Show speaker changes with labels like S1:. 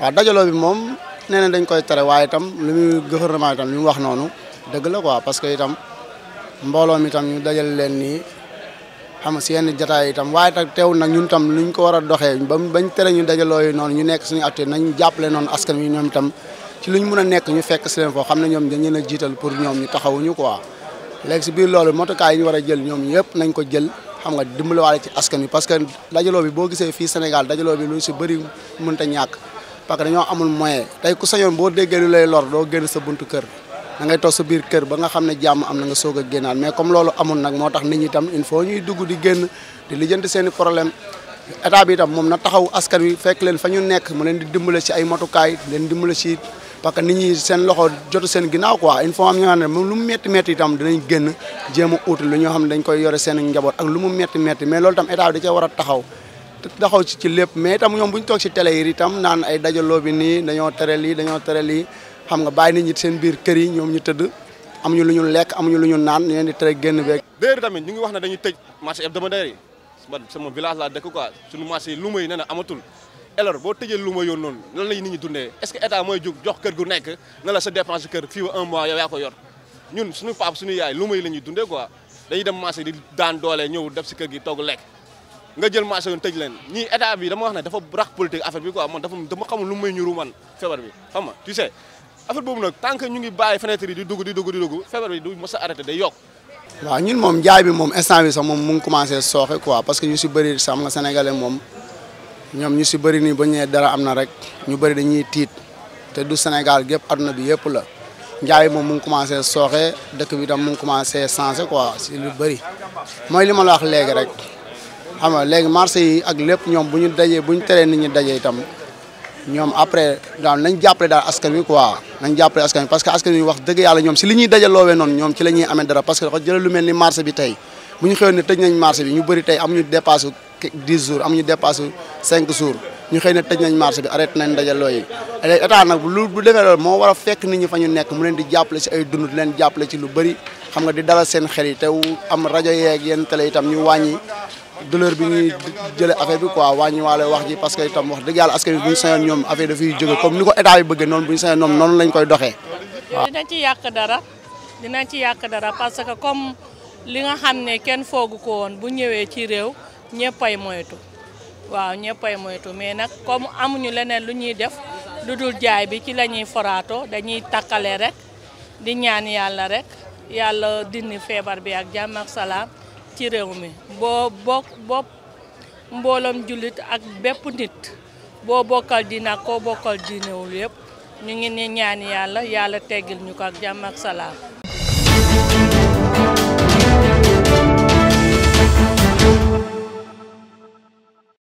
S1: waaw dajaloo bi moom nee nañ dañ koy tere waaye itam lu muy gouvernement itam li mu wax noonu dëgg la quoi parce que itam mbooloo mi itam ñu dajale leen nii xam nga si yenn jataay itam waaye itam teewul nag ñun tam luñ ko war a doxee ba bañ tere ñu dajaloo yi noonu ñu nekk suñu acte nañ jàppale noonu askan wi ñoom itam ci luñ mën a nekk ñu fekk si leen foo xam ne ñoom dañ leen a jiital pour ñoom ñu taxawuñu quoi léegi si biir loolu motokaay yi ñu war a jël ñoom yëpp nañ ko jël xam nga dimbaliwaale ci askan wi parce que dajaloo bi boo gisee fii Sénégal dajaloo bi lu si bëri mënta ñàkk parce que dañoo amul moyen tay ku sañon bo déggé lu lay lor do gën sa buntu kër da ngay tok sa biir kër ba nga xamné jamm amna am nga soga gënal mais comme lolu amul nak motax nit ñi tam il faut ñuy dugg di gën di lijjanti seen problème état bi tam mom na taxaw askan wi fekk leen fa ñu nekk mu leen di dimbalé ci ay motukaay leen dimbalé ci parce que nit ñi seen loxo jottu seen ginaaw quoi il faut am ñu xam ne lu metti metti tam dinañ gën jëm outil lu ñu xam dañ koy yoré seen njabot ak lu mu metti metti mais lolu tam état bi da ci wara taxaw taxaw ci ci lépp mais tam ñom buñ tok ci télé yi tam naan ay dajalo bi ni dañoo téré li dañoo téré li xam nga bay nit ñi seen biir kër yi ñom ñu tëdd amuñu luñu lek amuñu luñu naan ñeen di téré genn beeg.
S2: d'ailleurs tamit ñu ngi wax na dañuy tej marché hebdo hebdomadaire yi man sama village la dekk quoi suñu marché yi luuma yi nee na amatul alors boo tëjee luuma yoon non lan lay nit ñi dundé est-ce que état moy jox jox kër gu nekk na la sa dépense kër fii un mois yow ya ko yor ñun suñu pap suñu yaay luuma yi la ñuy quoi dañuy dem marché di daan doole ñew def ci kër gi togg lek nga jël marché yoon tej len ñii état bi dama wax na dafa rax politique affaire bi quoi man dafa dama xamul lu may ñuru man feebar bi xam nga tu sais affaire bobu nak tank ñu ngi baye fenêtre yi di dugg di dugg di dugg feebar bi du mos arrêté day yok
S1: wa ñun mom jaay bi mom instant bi sax mom mu ngi commencé soxé quoi parce que ñu ci bari sax nga sénégalais mom ñom ñu ci bari ni ba ñëwee dara amna rek ñu bari dañuy tiit té du Sénégal gep aduna bi yépp la njaay mom mu ngi commencé soxé dëkk bi tam mu ngi commencé changé quoi ci lu bari moy li ma la wax légui rek xam nga léegi marché yi ak lépp ñoom bu ñu dajee bu ñu teree ni ñu dajee itam ñoom après daal nañ jàppale daal askan wi quoi nañ jàppale askan wi parce que askan wi wax dëgg yàlla ñoom si li ñuy dajaloowee noonu ñoom ci la ñuy amee dara parce que ni marché bi tey bu ñu xëyoon ne tëj nañ marché bi ñu bëri tey amuñu dépassé 10 jours amuñu dépassé 5 jours ñu xëy na tëj nañ marché bi arrêté nañ dajaloo yi état nag lu bu demee loolu moo war a fekk ni ñu fa ñu nekk mu leen di jàppale si ay dund leen jàppale ci lu bëri xam nga di dalal seen xel yi te am rajo yeeg yenn télé itam ñu wàññi douleur bi ñuy jëlee affaire bi quoi wàññiwaale wax ji parce que itam wax dëgg yàlla askan bi bu ñu sañoon ñoom affaire dafay jóge comme ni ko état bi bëggee noonu bu ñu sañoon noonu lañ koy doxee.
S3: dina ci yàq dara dina ci yàq dara parce que comme li nga xam ne kenn foogu ko woon bu ñëwee ci réew ñëppay moytu waaw ñëppay moytu mais nag comme amuñu leneen lu ñuy def lu dul jaay bi ci lañuy ñuy foraato dañuy takkale rek di ñaan yàlla rek yàlla dindi feebar bi ak jàmm ak ci réew mi boo bokk mbooloom julit ak bépp nit boo bokkal diina ak koo bokkal diinewul yëpp ñu ngi ne ñaan yàlla yàlla teggil ñu ko ak jàmm ak salaam